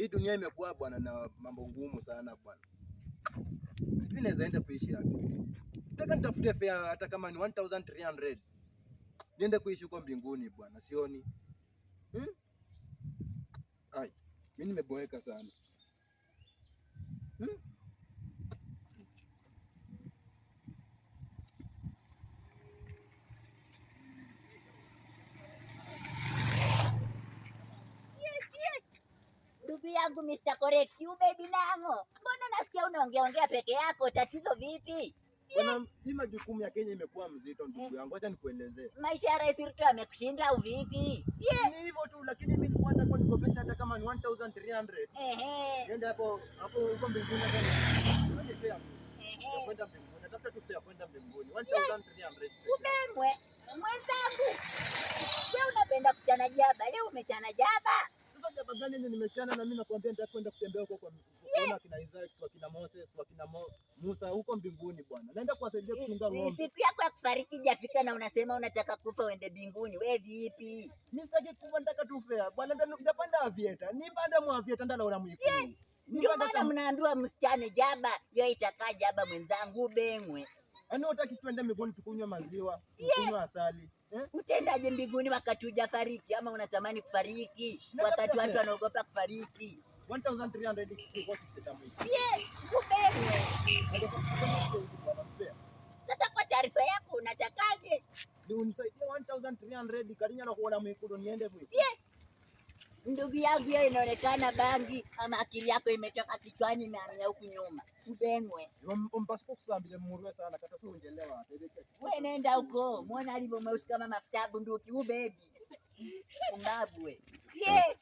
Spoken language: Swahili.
Hii dunia imekuwa bwana na mambo ngumu sana bwana. Sijui naweza enda kuishi hapo. Nataka nitafute fare hata kama ni 1300. Niende kuishi huko mbinguni bwana, sioni. Hmm? Ai, mimi nimeboeka sana. Hmm? yangu Mr. Correct. You baby Nango. Mbona nasikia unaongea ongea peke yako? Tatizo vipi? Yeah. Hii majukumu ya Kenya imekuwa mzito ndugu yangu, acha nikuelezee. Maisha ya Rais Ruto amekushinda au vipi? Ni hivyo tu, lakini mimi nilikuwa nataka nikopesha hata kama ni 1300. Ehe. Nenda hapo hapo huko mbinguni tena. Ehe. Kwenda mbinguni. Nataka tu pia kwenda mbinguni. 1300. Ubemwe. Mwenzangu. Wewe unapenda kuchana jaba, leo umechana jaba afadhali ni nimechana na mimi nakwambia, nitakwenda kutembea huko kwa kuona kina Isaac, kwa kina Moses, kwa kina Musa huko mbinguni bwana. Naenda kuwasaidia kuchunga ng'ombe. Siku yako ya kufariki jafika na unasema unataka kufa uende mbinguni. Wewe vipi? Mimi sitaki kufa, nataka tu Bwana ndio ndapanda avieta. Ni panda mwa avieta ndio ora mwiku. Ndio maana mnaambiwa msichane jaba, yo itakaa jaba mwenzangu bengwe. Yaani unataka tuende mbinguni tukunywe maziwa, tukunywe asali. Eh? Utaendaje mbinguni wakati hujafariki ama unatamani kufariki? Wakati watu wanaogopa kufariki. 1300 Yes, Sasa kwa taarifa yako unatakaje? Ni unisaidie 1300 karinya na kuona mwekundu niende mwe. Yes. Ndugu yangu ya inaonekana bangi ama akili yako imetoka kichwani na ya huku nyuma. Mbengwe. Wewe nenda huko. mwona alivyo mweusi kama mafuta bunduki, ubebi bebi. Umbabwe. Yeah.